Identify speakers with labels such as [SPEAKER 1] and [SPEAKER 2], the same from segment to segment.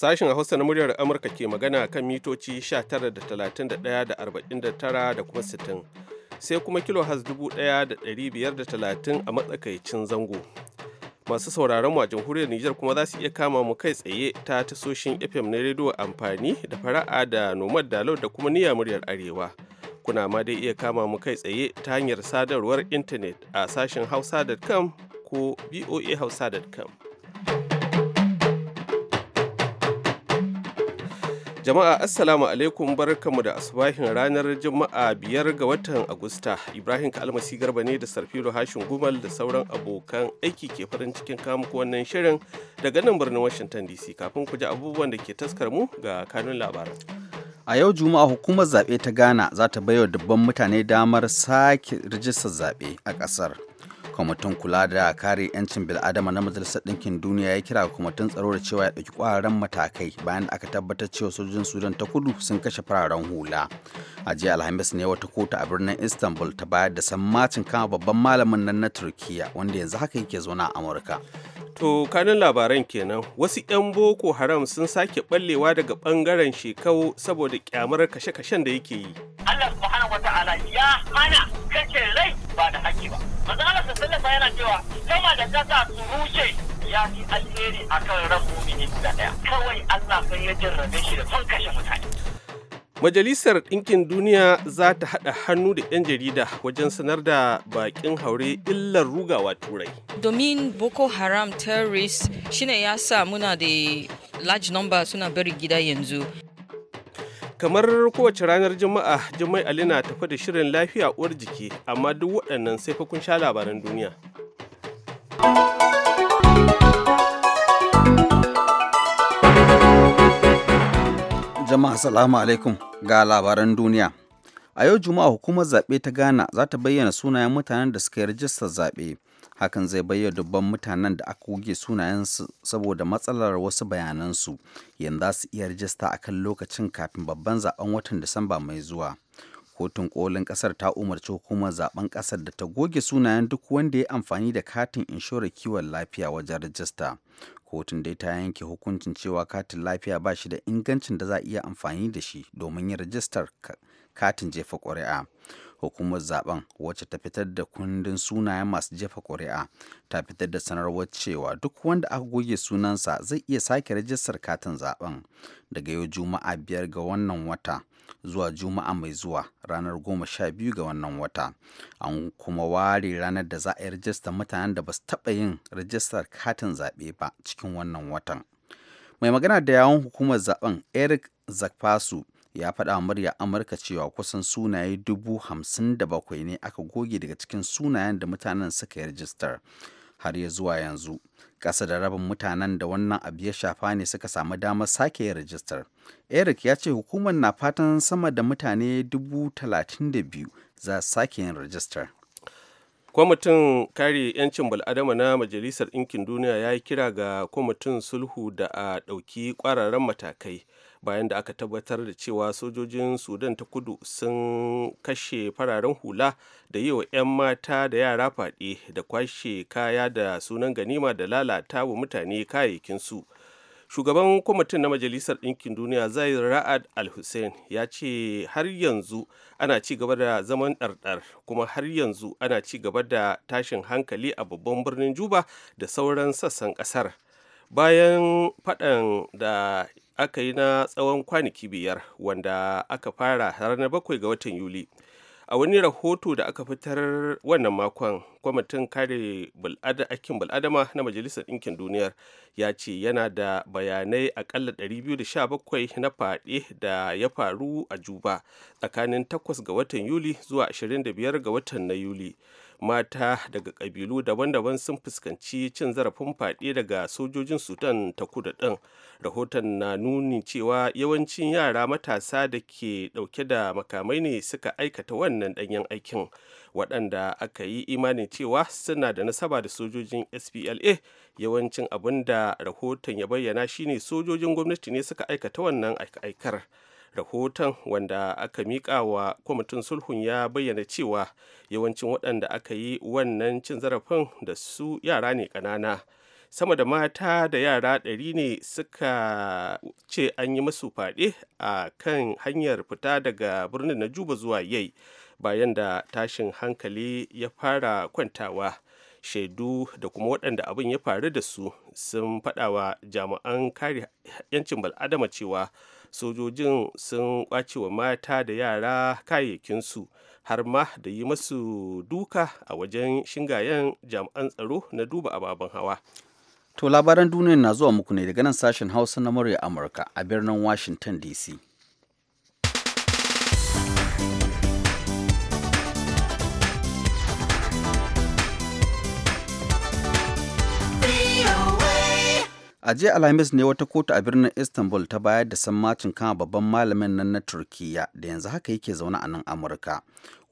[SPEAKER 1] Sashen Hausa na muryar Amurka ke magana kan mitoci 19.31 da da kuma 60. Sai kuma kilo has 1,530 a matsakaicin zango. Masu sauraron mu a jamhuriyar Nijar kuma za su iya kama mu kai tsaye ta tasoshin FM na rediyo amfani da fara'a da nomad dalau da kuma niyyar muryar Arewa. Kuna ma dai iya kama mu kai tsaye ta hanyar sadarwar intanet a sashen hausa.com ko voahausa.com. Jama'a Assalamu alaikum barkanmu da asubahin ranar Juma'a biyar ga watan Agusta. Ibrahim Kalmasi Garba ne da Sarfilo Hashin Gumal da sauran abokan aiki ke farin cikin kamuku wannan shirin daga nan birnin Washington DC kafin ku ji abubuwan da ke taskar mu ga kanun labaran.
[SPEAKER 2] A yau Juma'a hukumar zaɓe ta Ghana za ta wa dubban mutane damar sake rijistar zaɓe a ƙasar. kwamitin kula da kare 'yancin bil'adama na majalisar ɗinkin duniya ya kira kwamitin tsaro da cewa ya ɗauki ƙwararren matakai bayan da aka tabbatar cewa sojojin sudan ta kudu sun kashe fararen hula a jiya alhamis ne wata kotu a birnin istanbul ta bayar da sammacin kama babban malamin nan na turkiya wanda yanzu haka yake zaune a amurka To
[SPEAKER 1] kanin labaran kenan wasu 'yan boko haram sun sake ɓallewa daga bangaren shekau saboda kyamar kashe-kashen da yake yi. Allah subhanahu wa ta'ala
[SPEAKER 3] ya hana kace rai ba da haƙƙi ba. kuma yana cewa sama da kasa su rushe ya fi alheri akan ran mumini guda daya kawai Allah sai ya jarrabe shi da son kashe mutane
[SPEAKER 1] Majalisar Ɗinkin Duniya za ta haɗa hannu da 'yan jarida wajen sanar da baƙin haure illar rugawa turai.
[SPEAKER 4] Domin Boko Haram terrorist shine ya sa muna da large number suna bari gida yanzu.
[SPEAKER 1] kamar kowace ranar juma'a jimai ali na tafi da shirin lafiya uwar jiki amma duk waɗannan sai fa kun sha labaran duniya
[SPEAKER 2] jama'a salamu alaikum ga labaran duniya a yau juma'a hukumar zaɓe ta ghana za ta bayyana sunayen mutanen da suka yi rajistar zaɓe hakan zai bayyana dubban mutanen da aka goge sunayensu saboda matsalar wasu bayanansu yanzu za su iya rijista a kan lokacin kafin babban zaben watan disamba mai zuwa kotun kolin kasar ta umarci hukumar zaben kasar da ta goge sunayen duk wanda ya amfani da katin inshorar kiwon lafiya wajen rijista kotun dai ta yanke hukuncin cewa katin lafiya ba shi da ingancin da za a iya amfani da shi domin yin rajistar katin jefa ƙuri'a. hukumar zaben wacce ta fitar da kundin sunayen masu jefa ƙuri'a ta fitar da sanarwar cewa duk wanda aka goge sunansa zai iya sake rajistar katin zaben daga yau juma'a biyar ga wannan wata zuwa juma'a mai zuwa ranar goma sha biyu ga wannan wata an kuma ware ranar da za a yi rajistar mutanen da ba su taɓa yin rajistar katin zaɓe ba cikin wannan watan mai magana da yawon hukumar zaben eric zakfasu ya faɗa wa murya amurka cewa kusan sunaye dubu hamsin da bakwai ne aka goge daga cikin sunayen da mutanen suka yi rajistar har ya zuwa yanzu ƙasa da rabin mutanen da wannan abu ya shafa ne suka samu damar sake yin rajistar eric ya ce hukumar na fatan sama da mutane dubu talatin da biyu za sake yin rajistar
[SPEAKER 1] kwamitin kare 'yancin bal'adama na majalisar ɗinkin duniya ya yi kira ga kwamitin sulhu da a ɗauki ƙwararren matakai bayan da aka tabbatar da cewa sojojin sudan ta kudu sun kashe fararen hula da yi wa 'yan mata da yara fadi da kwashe kaya da sunan ganima da lalata wa mutane kayayyakinsu shugaban kwamitin na majalisar ɗinkin duniya zai ra'ad al-hussein ya ce har yanzu ana ci gaba da zaman ɗarɗar kuma har yanzu ana ci gaba da tashin hankali a babban birnin juba da sauran sassan ƙasar bayan faɗan da aka yi na tsawon kwanaki biyar wanda aka fara ranar bakwai ga watan yuli a wani rahoto da aka fitar wannan makon kwamitin kare akin bul'adama na majalisar ɗinkin duniyar ya ce yana da bayanai akalla 217 na faɗe da ya faru a juba tsakanin 8 ga watan yuli zuwa 25 ga watan na yuli mata daga kabilu daban-daban sun fuskanci cin zarafin fyaɗe daga sojojin sudan ta kudu ɗin rahoton na nuni cewa yawancin yara matasa da ke ɗauke da makamai ne suka aikata wannan ɗanyen aikin waɗanda aka yi imanin cewa suna da nasaba da sojojin spla yawancin abin da rahoton ya bayyana shine sojojin gwamnati ne suka aikata wannan aikar rahoton wanda aka miƙa wa kwamitin sulhun ya bayyana cewa yawancin waɗanda aka yi wannan cin zarafin da su yara ne ƙanana sama da mata da yara ɗari ne suka ce an yi masu faɗe a kan hanyar fita daga birnin na juba zuwa yai bayan da tashin hankali ya fara kwantawa shaidu da kuma waɗanda abin ya faru da su sun faɗawa jami'an kare 'yancin bal'adama cewa sojojin sun ƙwace wa mata da yara kayayyakinsu har ma da yi masu duka a wajen shingayen jami'an tsaro na duba ababen hawa
[SPEAKER 2] to labaran duniya na zuwa muku ne daga nan sashen hausa na murya amurka a birnin washington dc a jiya alhamis ne wata kotu a birnin istanbul ta bayar da sammacin kama babban malamin nan na turkiya da yanzu haka yake zaune a nan amurka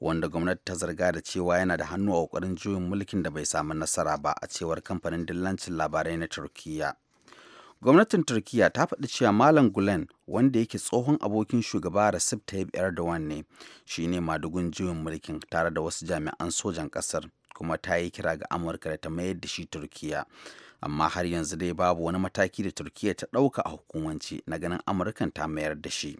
[SPEAKER 2] wanda gwamnati ta zarga da cewa yana da hannu a kokarin juyin mulkin da bai samu nasara ba a cewar kamfanin dillancin labarai na turkiya gwamnatin turkiya ta faɗi cewa malam gulen wanda yake tsohon abokin shugaba recep tayyip erdogan ne shine madugun juyin mulkin tare da wasu jami'an sojan ƙasar kuma ta yi kira ga amurka da ta mayar da shi turkiya amma har yanzu dai babu wani mataki da turkiyya ta ɗauka a hukumanci na ganin amurkan ta mayar da shi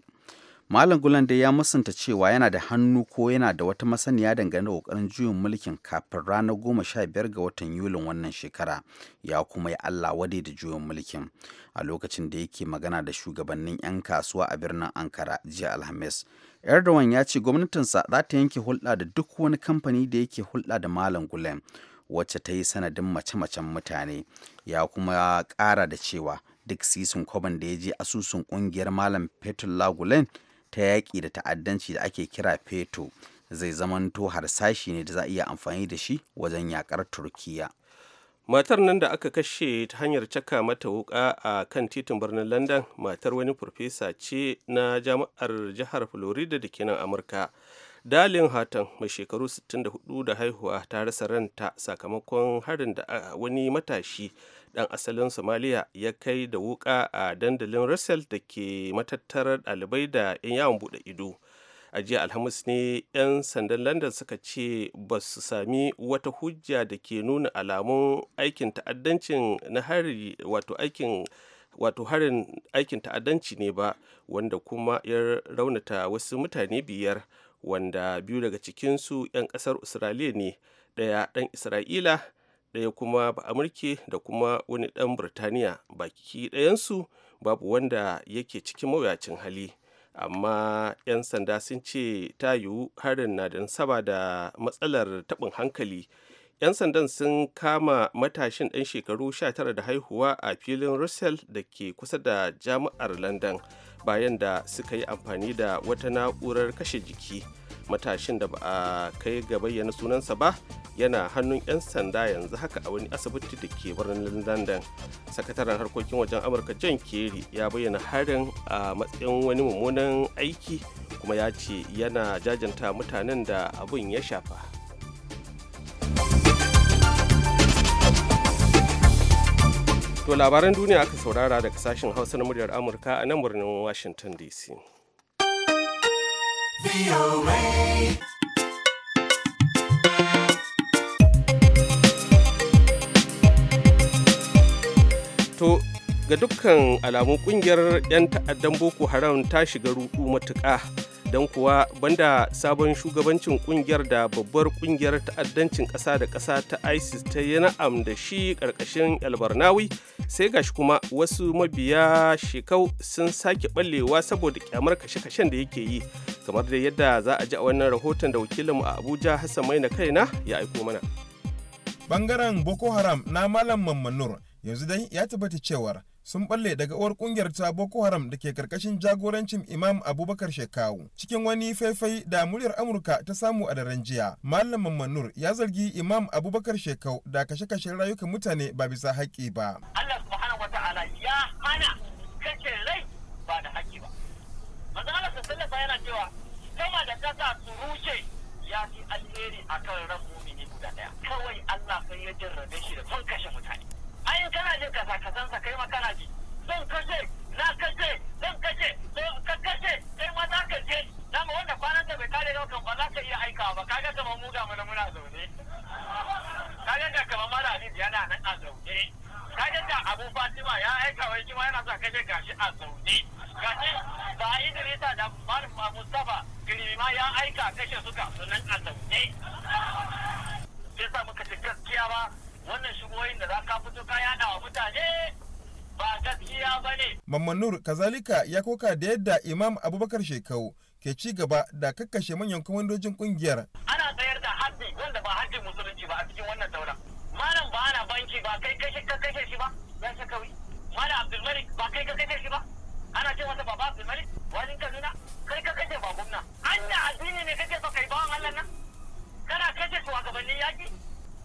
[SPEAKER 2] malam gulan dai ya musanta cewa yana da hannu ko yana da wata masaniya dangane da kokarin juyin mulkin kafin ranar goma sha biyar ga watan yulin wannan shekara ya kuma ya allah wade da juyin mulkin a lokacin da yake magana da shugabannin 'yan kasuwa a birnin ankara jiya alhamis erdogan ya ce gwamnatinsa za ta yanke hulɗa da duk wani kamfani da yake hulɗa da malam gulen wacce ta yi sanadin mace-macen mutane ya kuma ƙara da cewa duk sisin kwaban da ya je asusun ƙungiyar malam fetur lagulen ta yaƙi da ta'addanci da ake kira feto zai zamanto harsashi ne da za a iya amfani da shi wajen yaƙar turkiya
[SPEAKER 1] matar nan da aka kashe ta hanyar caka mata wuƙa a kan titin birnin london matar wani farfesa ce na jami'ar jihar florida da ke nan amurka dalin hatan mai shekaru 64 da haihuwa ta rasa ranta sakamakon harin da ah, wani matashi dan asalin somaliya ya kai da wuka a dandalin russell da ke matattarar dalibai da 'yan yawon bude ido a jiya alhamis ne 'yan sandan london suka ce ba su sami wata hujja da ke nuna alamun aikin ta'addancin na hari wato aikin wato harin aikin ta'addanci ne ba wanda kuma ya raunata wasu mutane biyar wanda biyu daga cikinsu 'yan ƙasar australia ne, ɗaya ɗan Isra'ila, ɗaya kuma ba Amurke da kuma wani ɗan Birtaniya baki ɗayansu babu wanda yake cikin mawuyacin hali. Amma 'yan sanda sun ce ta yiwu harin na don saba da matsalar taɓin hankali. 'yan sandan sun kama matashin ɗan shekaru 19 da haihuwa a filin russell da ke kusa da jami'ar london bayan da suka yi amfani da wata na'urar kashe jiki matashin da ba a kai ga bayyana sunansa ba yana hannun 'yan sanda yanzu haka a wani asibiti da ke birnin london sakataren harkokin wajen amurka john kerry ya bayyana harin a matsayin wani mummunan aiki kuma ya ce yana jajanta mutanen da abun ya shafa To labaran duniya aka saurara daga sashen Hausa na muryar Amurka a nan birnin Washington DC. To ga dukkan alamu kungiyar 'yan ta'addan Boko Haram ta shiga ruɗu matuƙa. don kuwa banda sabon shugabancin kungiyar da babbar kungiyar ta'addancin ƙasa da ƙasa ta isis ta yi na'am da shi ƙarƙashin albarnawi sai gashi kuma wasu mabiya shekau sun sake ɓallewa saboda kyamar kashe-kashen da yake yi kamar da yadda za a ji a wannan rahoton da wakilinmu a abuja hassan maina kaina ya aiko mana
[SPEAKER 5] bangaren boko haram na malam mamman yanzu dai ya tabbata cewar sun balle daga uwar kungiyar ta Boko Haram da ke karkashin jagorancin Imam Abubakar Shekau. Cikin wani faifai da muryar Amurka ta samu a daren jiya, Malam Nur ya zargi Imam Abubakar Shekau da kashe kashe rayukan mutane ba bisa haƙƙi ba. Allah
[SPEAKER 3] subhanahu wataala ya hana kake rai ba da haƙƙi ba. Manzo Allah sallallahu yana cewa sama da kasa su rushe ya fi alheri akan ran mu'mini guda daya. Kawai Allah sai ya jarrabe shi da son kashe mutane. ai kana jin kasa kasan sa kai ma kana ji zan kashe na kashe zan kashe ka kashe kai ma za ka je na ma wanda kwanan da bai kare ga kan ba za ka iya aikawa ba kaga kamar mu ga mana muna zaune kaga da kamar mara yana nan a zaune kaga da abu fatima ya aika wai shi ma yana sa kashe gashi a zaune gashi ba idrisa da malama mustafa kiri ma ya aika kashe suka sunan a zaune sai sa muka ce gaskiya ba wannan shigoyin da za ka fito ka yada wa mutane ba
[SPEAKER 5] gaskiya ba ne. Mamman Nur kazalika ya koka da yadda Imam Abubakar Shekau ke ci gaba da kakkashe manyan kwamandojin kungiyar.
[SPEAKER 3] Ana tsayar da haddi wanda ba haddin musulunci ba a cikin wannan daular. Malam ba ana banki ba kai kashe ka kashe shi ba ya shakawi. Malam Abdulmalik ba kai ka kashe shi ba. Ana ce wata baba Abdulmalik wani Kaduna kai ka kashe ba gwamna. Anya addini ne kake so kai bawan Allah nan. Kana kashe gabanin yaki.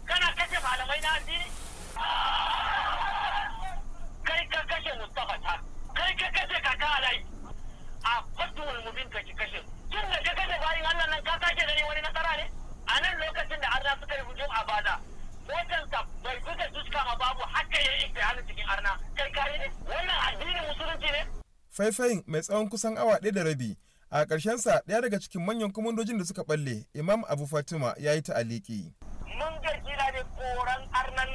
[SPEAKER 3] kana kashe malamai na addini kai ka kashe Mustafa ta kai ka kashe kaka alai a fatuwar mubin ka ki kashe tun da ka kashe bayan Allah nan ka sake gani wani nasara ne a nan lokacin da arna suka rubuto a bada motansa bai buga duska ma babu haka ya yi hannun cikin arna kai kare ne wannan addinin musulunci ne
[SPEAKER 5] faifayin mai tsawon kusan awa ɗaya da rabi a ƙarshensa ɗaya daga cikin manyan kwamandojin da suka ɓalle imam abu fatima ya yi aliki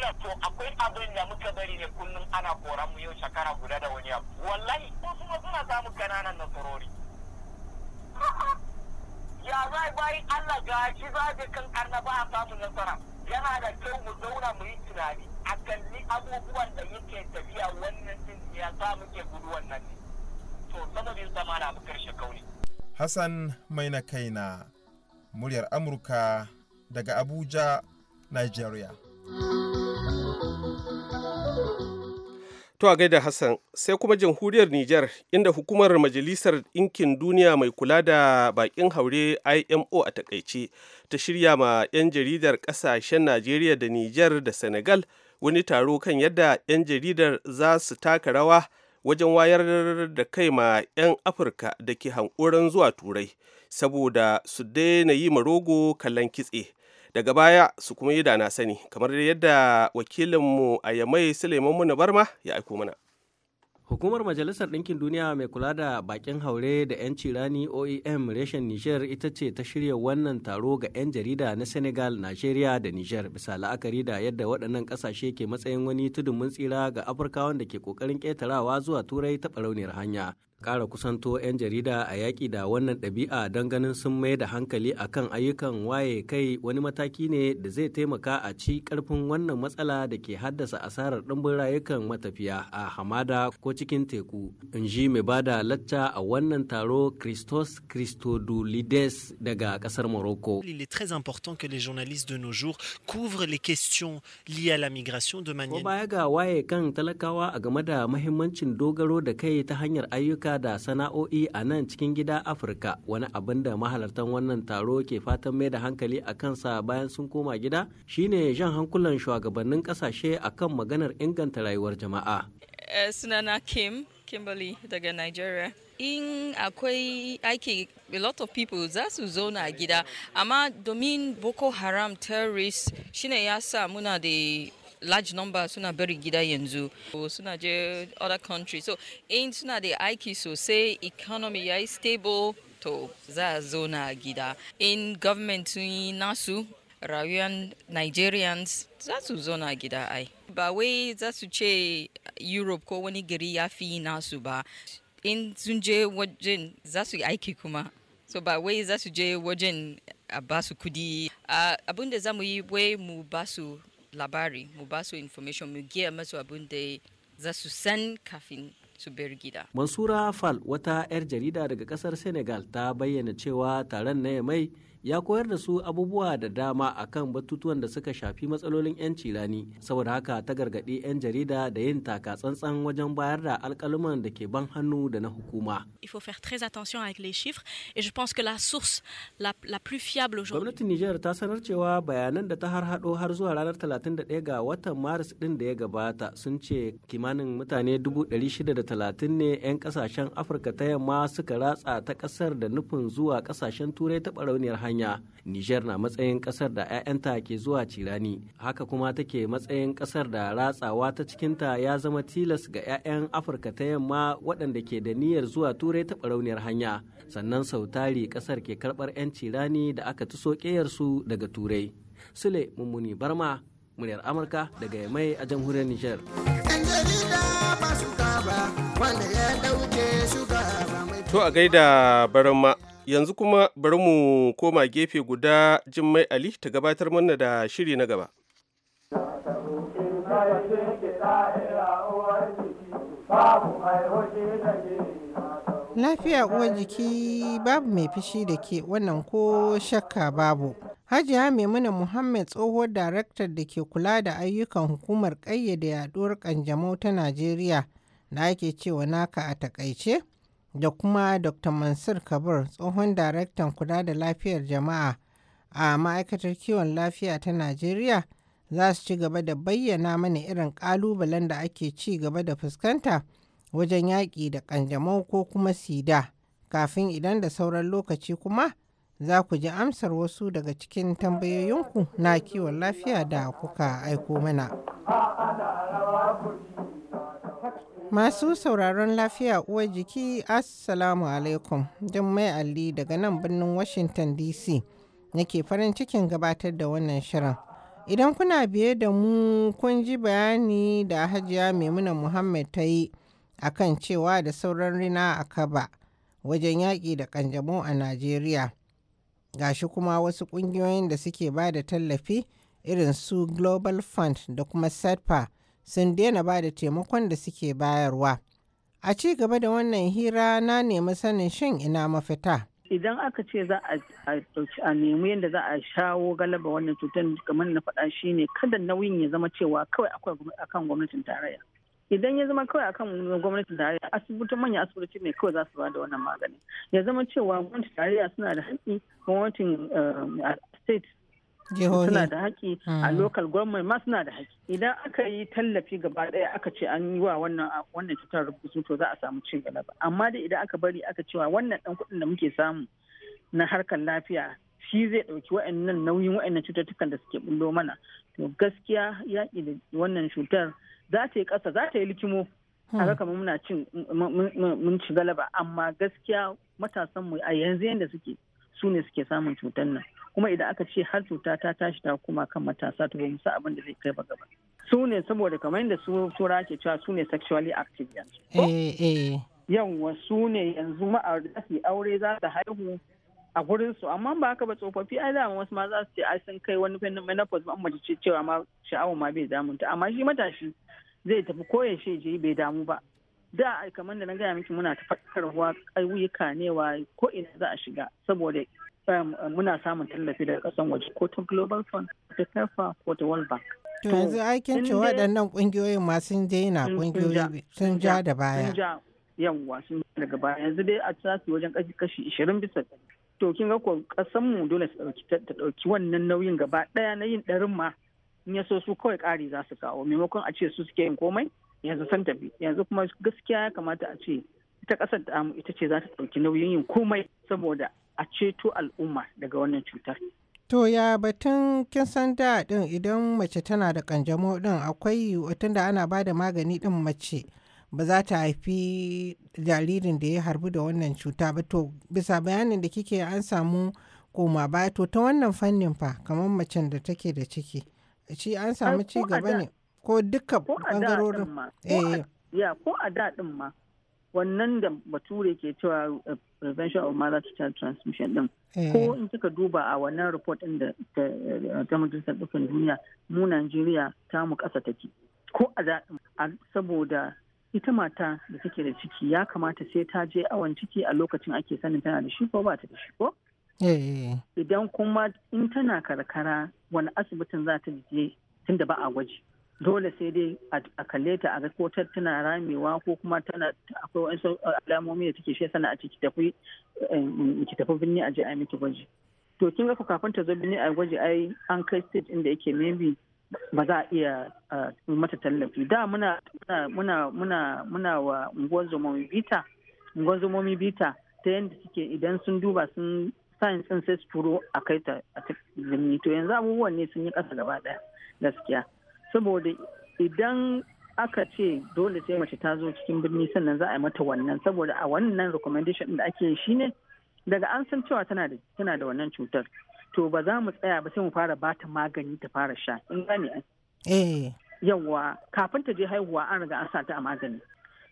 [SPEAKER 3] Allah to akwai abin da muka bari ne kullum ana koran mu yau shekara guda da wani abu wallahi ko suna suna samun kananan nasarori ya zai bayan Allah gashi zaje kan arnaba a samu nasara yana da kyau mu zauna mu yi tunani a kalli abubuwan da yake tafiya wannan din ya sa muke gudu wannan ne to sababin zama na mu karshe kauni.
[SPEAKER 5] Hassan mai na kaina muryar Amurka daga Abuja Nigeria.
[SPEAKER 1] To a gaida Hassan sai kuma jamhuriyar Nijar inda hukumar Majalisar Ɗinkin Duniya mai kula da bakin haure IMO a takaice ta shirya ma 'yan jaridar ƙasashen Najeriya da Nijar da Senegal wani taro kan yadda 'yan jaridar za su taka rawa wajen wayar da kai ma 'yan Afirka da ke hankoran zuwa Turai saboda su daina yi marogo kallon kitse. daga baya su kuma yi da na sani kamar yadda wakilinmu a yamai suleiman muna barma ya aiko mana
[SPEAKER 6] Hukumar Majalisar Ɗinkin Duniya mai kula da bakin haure da 'yanci rani OEM reshen niger ita ce ta shirya wannan taro ga 'yan jarida na Senegal, nigeria da niger bisa la'akari da yadda waɗannan ƙasashe ke matsayin wani tudun tsira ga Afirkawan da ke ƙoƙarin ƙetarawa zuwa Turai ta ɓarauniyar hanya. kara kusanto 'yan jarida a yaƙi da wannan ɗabi'a don ganin sun mai da hankali a kan ayyukan waye kai wani mataki ne da zai taimaka a ci ƙarfin wannan matsala da ke haddasa asarar ɗumbin rayukan matafiya a hamada ko cikin teku in ji mai bada lacca a wannan taro christos christodoulides daga ƙasar morocco il est très important que les journalistes de nos jours couvrent les questions liées à la migration de manière ko baya ga waye kan talakawa a game da mahimmancin dogaro da kai ta hanyar ayyuka ayyuka da sana'o'i a nan cikin gida afirka wani abin da mahalartan wannan taro ke fatan mai da hankali a kansa bayan sun koma gida shine jan hankulan shugabannin kasashe a kan maganar inganta rayuwar jama'a
[SPEAKER 4] eh, sunana kim kimberly daga nigeria in akwai aiki a lot of people za su zauna a gida amma domin boko haram terrorist shine ya sa muna da large number suna bari gida yanzu suna je other country so in suna da aiki sosai economy ya yi stable to za a gida in government sun yi nasu rayuwar nigerians za su zauna gida ai ba wai za su ce europe ko wani gari ya fi nasu ba in sun je wajen za su yi aiki kuma so ba wai za su je wajen a ba su kudi ah, abin za mu yi wai mu ba su labari mu ba su information mu giya masu abin da za su san kafin su bar gida.
[SPEAKER 6] Mansura Fal wata 'yar jarida daga kasar Senegal ta bayyana cewa taron na mai ya koyar da su abubuwa da dama a kan batutuwan da suka shafi matsalolin 'yanci rani saboda haka ta gargaɗi 'yan jarida da yin taka tsantsan wajen bayar da alkaluman da ke ban hannu da na hukuma. Gwamnatin Nijar ta sanar cewa bayanan da ta har haɗo har zuwa ranar 31 ga watan Maris ɗin da ya gabata sun ce kimanin mutane 630 ne 'yan kasashen Afirka ta yamma suka ratsa ta ƙasar da nufin zuwa kasashen Turai ta ɓarauniyar hanya Nijar na matsayin kasar da 'ya'yanta ke zuwa cirani, haka kuma take matsayin kasar da ratsawa ta cikinta ya zama tilas ga 'ya'yan Afirka ta yamma waɗanda ke da niyyar zuwa turai ta barauniyar hanya, sannan sau tari kasar ke karbar 'yan cirani da aka tuso su daga turai. Sule Mummuni Barma, muryar Amurka daga Yamai a jamhuriyar Nijar.
[SPEAKER 1] To a gaida barama yanzu kuma bari mu koma gefe guda jimmai ali ta gabatar mana da shiri na gaba
[SPEAKER 7] lafiya uwar jiki babu mai fishi da ke wannan ko shakka babu hajiya maimuna muhammad tsohuwar daraktar da ke kula da ayyukan hukumar ƙayyade yaduwar ƙanjamau ta najeriya da ake cewa naka a takaice da kuma Dr. Mansur Kabir tsohon daraktan kula da lafiyar jama'a a ma'aikatar kiwon lafiya ta Najeriya za su ci gaba da bayyana mana irin ƙalubalen da ake ci gaba da fuskanta wajen yaƙi da ƙanjamau ko kuma sida kafin idan da sauran lokaci kuma za ku ji amsar wasu daga cikin tambayoyinku na kiwon lafiya da kuka aiko mana. Masu sauraron lafiya uwar jiki Assalamu alaikum mai Ali daga nan birnin Washington DC nake farin cikin gabatar da wannan shirin. Idan kuna biye da mu kun ji bayani da hajiya Maimuna Muhammad ta yi a kan cewa da sauran rina a kaba wajen yaƙi da ƙanjamau a Najeriya. Gashi kuma wasu ƙungiyoyin da suke ba da tallafi irin su Global Fund da kuma SEDPA. sun daina ba da taimakon da suke bayarwa. A ci gaba da wannan hira na nemi sanin shin ina mafita.
[SPEAKER 8] Idan aka ce za a nemi yadda za a shawo galaba wannan cutar kamar na faɗa shi ne kada nauyin ya zama cewa kawai akwai akan gwamnatin tarayya. Idan ya zama kawai akan gwamnatin tarayya asibitin manyan asibitoci ne kawai za su ba da wannan magani. Ya zama cewa gwamnatin tarayya suna da haƙƙi gwamnatin eh, state
[SPEAKER 7] suna da
[SPEAKER 8] haƙƙi a ah. lokal government ma suna da haƙƙi idan aka yi tallafi gaba ɗaya aka ce an yi wa wannan cutar rubutu to za a samu ci gaba amma da idan aka bari aka cewa wannan ɗan kuɗin da muke samu na harkar lafiya shi zai ɗauki wa'annan nauyin wa'annan cututtukan da suke bullo mana to gaskiya yaƙi da wannan cutar za ta yi ƙasa za ta yi likimo haka hmm. muna cin mun ci galaba amma gaskiya matasanmu a yanzu yadda suke su ne suke samun cutar nan kuma idan aka ce har cuta ta tashi ta kuma kan matasa to mu abin da zai kai ba gaba su ne saboda kamar yadda su tura ke cewa su ne sexually active yanzu eh, eh. yawwa su ne yanzu ma'aurata su aure za su haihu a gurin su amma ba haka ba tsofaffi ai da wasu ma za su ce ai sun kai wani fannin menopause ba mace ce cewa ma sha'awa ma bai damu ta amma shi matashi zai tafi koyaushe je bai damu ba da kamar da na gaya miki muna ta faɗakarwa ƙauyuka ne wa ko ina za a shiga saboda Eh, muna samun tallafi daga kasan waje ko ta global fund ta tafa ko ta world bank to yanzu aikin ce waɗannan
[SPEAKER 7] ƙungiyoyin ma sun je na ƙungiyoyi sun ja da baya
[SPEAKER 8] yawa sun daga baya yanzu dai a tsasi wajen kashi ishirin bisa to kin ga ko kasan mu dole su dauki ta dauki wannan nauyin gaba daya na yin ɗarin ma in ya so su kawai ƙari za su kawo maimakon a ce su suke yin komai yanzu san tafi yanzu kuma gaskiya ya kamata a ce ita ƙasar ta ita ce za ta ɗauki nauyin yin komai saboda a ceto al'umma daga wannan cutar.
[SPEAKER 7] To ya batun kin san da din idan mace tana da kanjamo din akwai watan da ana bada magani din mace ba za ta haifi jaririn da ya harbu da wannan cuta ba to bisa bayanin da kike an samu koma ba to ta wannan fannin fa kamar macen da take da ciki shi an samu ci gaba ne ko duka bangarorin
[SPEAKER 8] ko a da din eh. ma wannan da bature ke cewa eh, prevention of mother to child transmission din ko eh. in kika duba a wannan report din da ta majalisar dukkan duniya mu Najeriya ta mu kasa take ko a saboda ita mata da take da ciki ya kamata sai ta je awon ciki a lokacin ake sanin tana da shi ko ba ta da shi ko eh. idan kuma in tana karkara wani asibitin za ta je tunda ba a gwaji dole sai dai a kalle ta a ga ko tana ramewa ko kuma tana akwai wasu alamomi da take shi sana a ciki tafi ki tafi eh, binni a je a miki gwaji to kin ga kafin ta zo binni a gwaji ai an kai stage inda yake maybe ba za a iya eh, mata tallafi da muna muna muna muna wa unguwar zomomi bita unguwar zomomi bita ta yadda suke idan sun duba sun science sun su turo a kai ta a to yanzu abubuwan ne sun yi kasa gaba daya gaskiya saboda idan aka ce dole sai mace ta zo cikin birni sannan za a yi mata wannan saboda a wannan recommendation da ake shi ne daga an san cewa tana da wannan cutar to ba za mu tsaya ba sai mu fara bata magani ta fara sha in gane eh. yawwa kafin ta je haihuwa an riga an sa ta a magani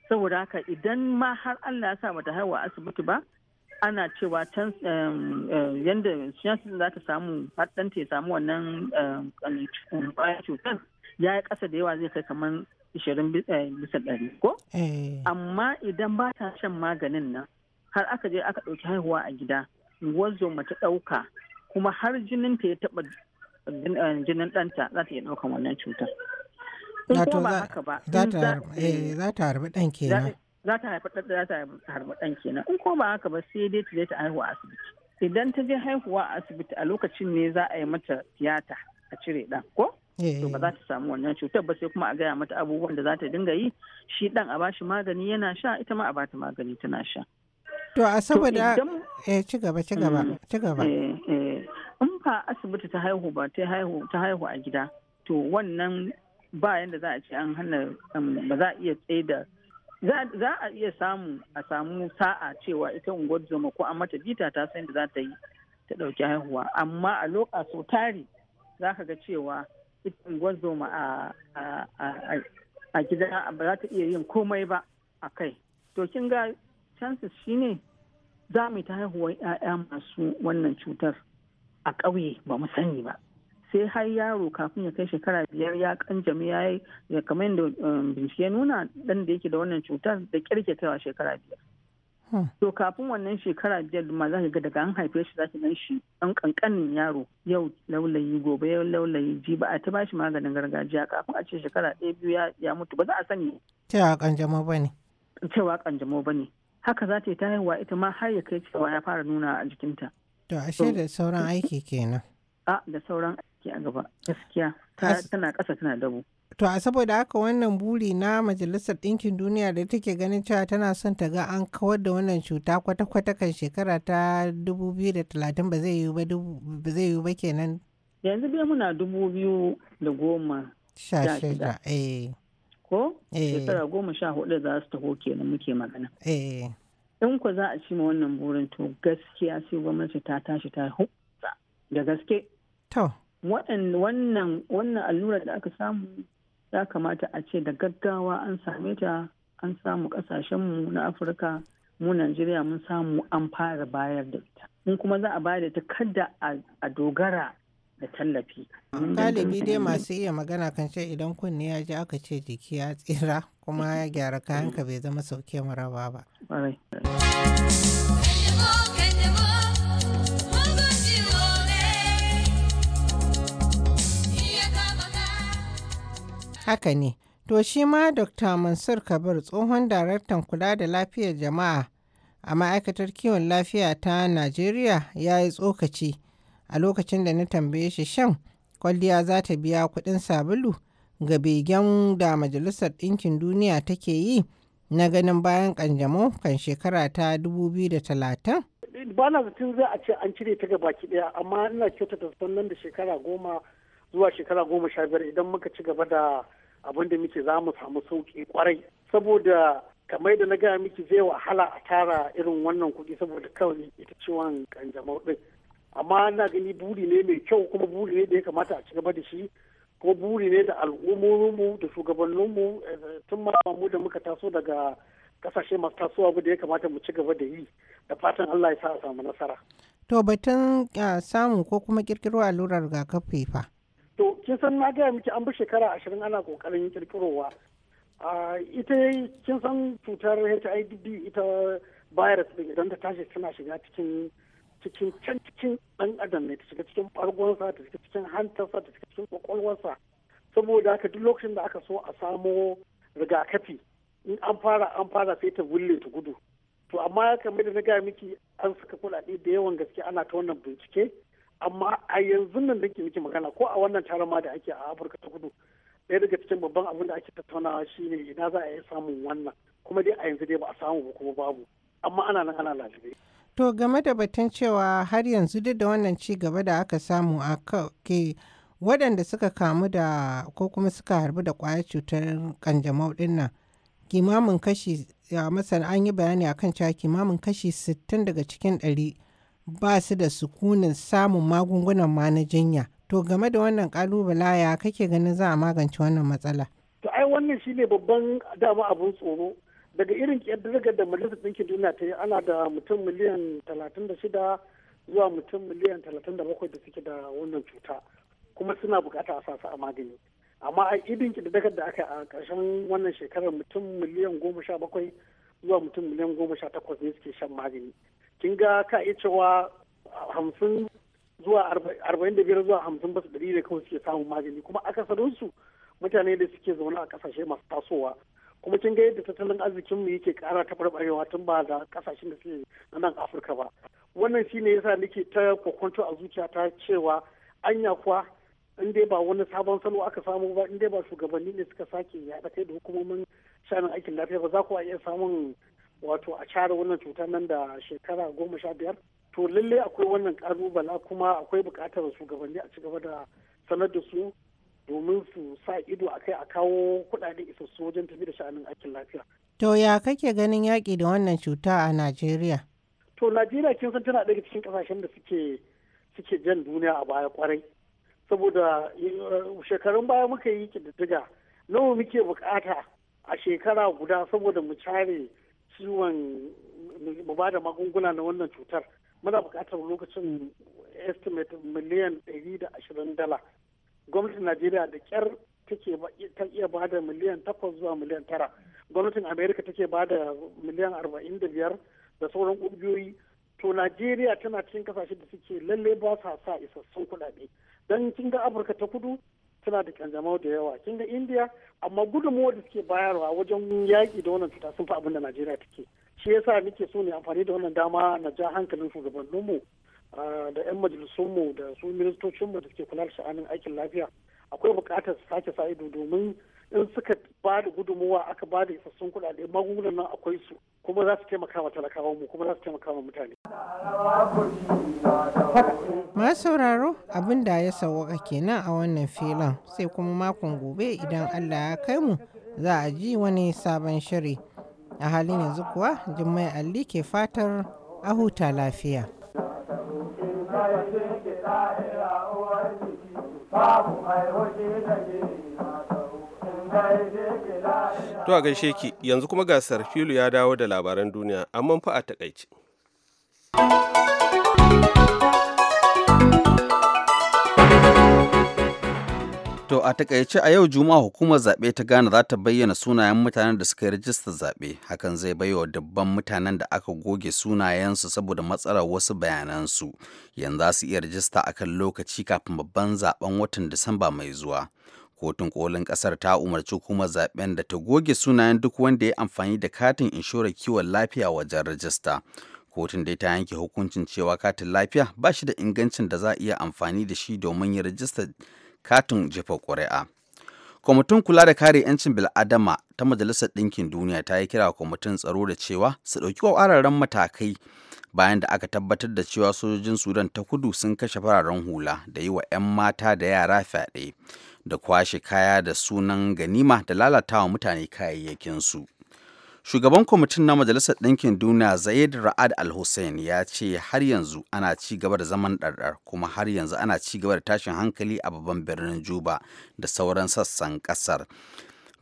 [SPEAKER 8] saboda haka idan ma har Allah ya sa mata haihuwa asibiti ba ana cewa can yadda za ta samu har ya samu wannan kwayar cutar ya yi ƙasa da yawa zai kai kamar ishirin eh, bisa ɗari ko? Eh. Amma idan ba ta shan maganin nan har aka je aka ɗauki haihuwa a gida wazo mata ɗauka kuma har jinin ta ya taɓa eh, jinin ɗanta za ta iya ɗaukan wannan cutar. In ko ba haka ba. Za
[SPEAKER 7] ta harbi ɗan kenan.
[SPEAKER 8] Za ta haifi za ta harbi ɗan kenan. In ko ba haka ba sai dai ta je ta haihuwa a asibiti. Idan ta je haihuwa a asibiti a lokacin ne za a yi mata tiyata a cire ɗan ko? to ba za ta samu wannan cutar ba sai kuma a gaya mata abubuwan da za ta dinga yi shi dan a bashi magani yana sha ita ma a bata magani tana sha to a saboda eh ci gaba ci gaba mm. ci gaba eh, eh in fa asibiti ta haihu ba ta haihu ta haihu a gida to wannan ba yanda za a ce an hana um, ba za a iya tsaye da za a iya samu a samu sa'a cewa ita unguwar zoma ko an mata bita ta san da za ta yi ta dauki haihuwa amma a loka tari za ka ga cewa cikin ma a gida ba za ta iya yin komai ba a kai to kin ga chances shine za mu ta haihuwar 'ya'ya masu wannan cutar a ƙauye ba mu sani ba sai har yaro kafin ya kai shekara biyar ya kanjami ya yi kamar yadda um, bincike nuna dan da yake da wannan cutar da kirke kaiwa shekara biyar To kafin wannan shekara biyar ma za ga daga an haife shi za ki gan shi ɗan ƙanƙanin yaro yau laulayi gobe yau laulayi ji ba a ta bashi maganin gargajiya kafin a ce shekara ɗaya biyu ya mutu ba za a sani.
[SPEAKER 7] Cewa ƙanjamo ba ne.
[SPEAKER 8] Cewa ƙanjamo ba ne. Haka za ta yi ta haihuwa, ita ma har ya kai cewa ya fara nuna a jikinta.
[SPEAKER 7] To ashe da sauran aiki kenan.
[SPEAKER 8] A da sauran aiki a gaba gaskiya tana ƙasa tana dabo.
[SPEAKER 7] To a saboda haka wannan buri na Majalisar Ɗinkin Duniya da take ganin cewa tana son ta ga an kawar da wannan cuta kwata-kwata kan shekara ta 2030 ba zai yiwu ba kenan.
[SPEAKER 8] Yanzu dai muna dubu biyu da goma sha shida. Eh. Ko? Eh. Shekara goma sha hudu za su taho kenan muke magana. Eh. In ku za a ci ma wannan burin to gaskiya sai gwamnati ta tashi ta hutsa da gaske. To. Wannan allurar da aka samu ya kamata a ce da gaggawa an same ta an samu kasashenmu na afirka mu najeriya mun samu an fara bayar da ita mun kuma za a bayar da ta kada a dogara da tallafi. galibi dai masu
[SPEAKER 7] iya magana kan ce idan kunne ya ji aka ce jiki ya tsira kuma ya gyara kayanka bai zama sauke maraba ba. Haka ne, to shi ma Dr. Mansur Kabir tsohon daraktan kula da lafiyar jama'a a ma'aikatar kiwon lafiya ta Najeriya ya yi tsokaci a lokacin da na tambaye shi shan kwalliya za ta biya kudin sabulu ga begen da Majalisar Ɗinkin Duniya take yi na ganin bayan ƙanjamo kan shekara ta 2030?
[SPEAKER 9] Ba na zaton za a ce an cire ta baki ɗaya amma ina kyautata sannan da shekara goma zuwa shekara goma sha biyar idan muka ci gaba da abin da muke za mu samu sauƙi kwarai saboda kamar da na gaya miki zai wahala a tara irin wannan kuɗi saboda kawai ita ciwon kanjamau ɗin amma na gani buri ne mai kyau kuma buri ne da ya kamata a ci gaba da shi kuma buri ne da al'ummominmu da shugabanninmu eh, tun ma mu da muka taso daga kasashe masu tasowa da ya kamata mu ci gaba da yi da fatan Allah ya sa a samu nasara.
[SPEAKER 7] To batun eh, samu ko kuma kirkiro allurar rigakafi fa?
[SPEAKER 9] to kin san na gaya miki an bi shekara ashirin ana kokarin kirkirowa ita kin san cutar hiv ita virus din idan ta tashi tana shiga cikin cikin can cikin dan adam ne ta shiga cikin bargonsa ta shiga cikin hantarsa ta shiga cikin kwakwalwarsa saboda haka duk lokacin da aka so a samo rigakafi in an fara an fara sai ta wulle ta gudu to amma kamar da na gaya miki an saka kuɗaɗe da yawan gaske ana ta wannan bincike amma a yanzu nan da ke nake magana ko a wannan taron ma da ake a afirka ta kudu daya daga cikin babban abin da ake tattaunawa shine ina za a yi samun wannan kuma dai a yanzu dai ba a samu ba kuma babu amma ana nan ana lalibe.
[SPEAKER 7] to game da batun cewa har yanzu duk da wannan ci gaba da aka samu a ke waɗanda suka kamu da ko kuma suka harbi da ƙwayar cutar kanjamau ɗin nan kimamin kashi masana an yi bayani akan cewa kimamin kashi sittin daga cikin ɗari. ba su da sukunin samun magungunan ma na jinya. To game da wannan kalubala ya kake ganin za a magance wannan matsala?
[SPEAKER 9] To ai wannan shine babban dama abun tsoro. Daga irin ƙirƙirar da Majalisar Ɗinkin Duniya ta yi ana da mutum miliyan talatin da zuwa mutum miliyan talatin da suke da wannan cuta kuma suna bukata a sasa a magani. Amma a idin ƙirƙirar da aka a ƙarshen wannan shekarar mutum miliyan goma zuwa mutum miliyan goma sha takwas ne suke shan magani. kin ga ka iya cewa hamsin zuwa arba'in da biyar zuwa hamsin basu ɗari da kawai suke samun magani kuma su mutane da suke zaune a kasashe masu tasowa kuma kin ga yadda tattalin arzikin mu yake ƙara taɓarɓarewa tun ba da kasashen da suke na nan afirka ba wannan shine yasa nake ta kwakwanto a ta cewa anya kuwa in dai ba wani sabon salo aka samu ba in dai ba shugabanni ne suka sake yaɗa kai da hukumomin shanin aikin lafiya ba za ku iya samun wato a care wannan cuta nan da shekara goma sha biyar to lalle akwai wannan ƙalubala kuma akwai buƙatar shugabanni a ci gaba da sanar da su domin su sa ido a kai a kawo kuɗaɗe isassu wajen tafi da sha'anin aikin lafiya.
[SPEAKER 7] To ya kake ganin yaƙi da wannan cuta a Najeriya?
[SPEAKER 9] To Najeriya kin san tana daga cikin ƙasashen da suke suke jan duniya a baya kwarai. Saboda eh, shekarun baya muka yi ƙididdiga nawa muke buƙata a shekara guda saboda mu care ciwon mu ba da magunguna na wannan cutar muna buƙatar lokacin estimate miliyan 120 dala gwamnatin najeriya da kyar take ta iya ba da miliyan 8 zuwa miliyan 9 gwamnatin amerika take ba da miliyan 45 da sauran ƙungiyoyi to najeriya tana cikin kasashe da suke lalle ba sa sa isassun kuɗaɗe don kin ga afirka ta kudu suna da kanjamau da yawa kin ga indiya amma gudunmuwa da suke bayarwa wajen yaƙi da wannan cuta sun fi abin da najeriya take shi yasa nike so ne amfani da wannan dama na ja hankalin shugabanninmu ah, da 'yan majalisunmu da su ministocinmu da suke kula da sha'anin aikin lafiya akwai buƙatar su sake sa ido domin in suka ba da gudunmuwa aka ba da isassun kuɗaɗe magungunan nan akwai su kuma za su taimaka wa talakawanmu kuma za su taimaka wa mutane.
[SPEAKER 7] Masu sauraro abin da ya sauwaka kenan a wannan filin sai kuma makon gobe idan Allah ya kai mu za a ji wani sabon shiri. A halin yanzu kuwa jimai Ali ke fatar a huta lafiya.
[SPEAKER 1] To a gaishe ki yanzu kuma gasar filu ya dawo da labaran duniya amma fa a takaici.
[SPEAKER 2] To a takaice a yau juma hukumar zaɓe ta Ghana za ta bayyana sunayen mutanen da suka yi rajistar zaɓe. Hakan zai baiwa dubban mutanen da aka goge sunayensu saboda matsalar wasu bayanansu. Yanzu za su iya rajista a kan lokaci kafin babban zaɓen watan Disamba mai zuwa. Kotun kolin ƙasar ta umarci hukumar zaɓen da ta goge sunayen duk wanda ya amfani da katin inshorar kiwon lafiya wajen rajista. kotun dai ta yanke hukuncin cewa katin lafiya ba shi da ingancin da za a iya amfani da shi domin yin rajista katin jefa ƙuri'a. Kwamitin kula da kare 'yancin bil'adama ta Majalisar Ɗinkin Duniya ta yi kira kwamitin tsaro da cewa su ɗauki ƙwararren matakai bayan da aka tabbatar da cewa sojojin Sudan ta kudu sun kashe fararen hula da yi wa 'yan mata da yara fyaɗe da kwashe kaya da sunan ganima da lalatawa mutane kayayyakinsu. Shugaban kwamitin na Majalisar Ɗinkin Duniya Zayed Ra'ad Al-Hussein ya ce har yanzu ana ci gaba da zaman ɗarɗar kuma har yanzu ana ci gaba da tashin hankali a babban birnin Juba da sauran sassan ƙasar.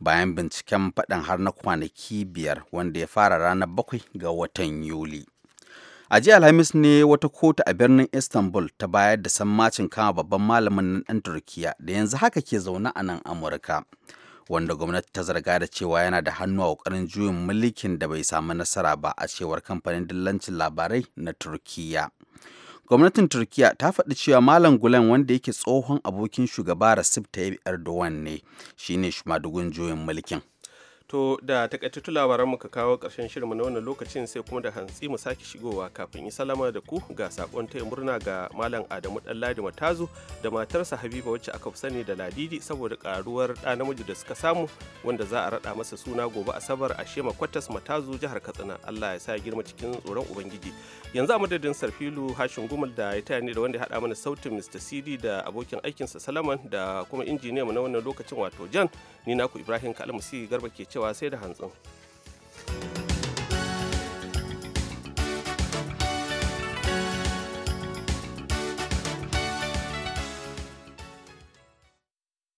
[SPEAKER 2] Bayan binciken faɗin har na kwanaki biyar wanda ya fara ranar bakwai ga watan Yuli. A jiya Alhamis ne wata kotu a birnin Istanbul ta bayar da sammacin kama babban malamin nan ɗan Turkiya da yanzu haka ke zaune a nan Amurka. wanda gwamnati ta zarga da cewa yana da hannu a ƙoƙarin juyin mulkin da bai samu nasara ba a cewar kamfanin dillancin labarai na turkiya gwamnatin turkiya ta faɗi cewa malam gulen wanda yake tsohon abokin shugaba rasif tayyip erdogan ne shine madugun juyin mulkin
[SPEAKER 1] To da takaitattun labaran ka kawo ƙarshen shirinmu na wannan lokacin sai kuma da hantsi mu sake shigowa kafin yi salama da ku ga sakon taya murna ga Malam Adamu Ɗanladi Matazu da matarsa Habiba wacce aka fi sani da Ladidi saboda karuwar ɗa namiji da suka samu wanda za a raɗa masa suna gobe Asabar a Shema Kwatas Matazu jihar Katsina. Allah ya sa girma cikin tsoron Ubangiji. yanzu a madadin sarfilu hashin gumul da ya taya ne da wanda ya haɗa mana sautin mr cd da abokin aikinsa salaman da kuma injiniya mu na wannan lokacin wato jan ni naku ibrahim kalmasi garba ke cewa sai da hantsin.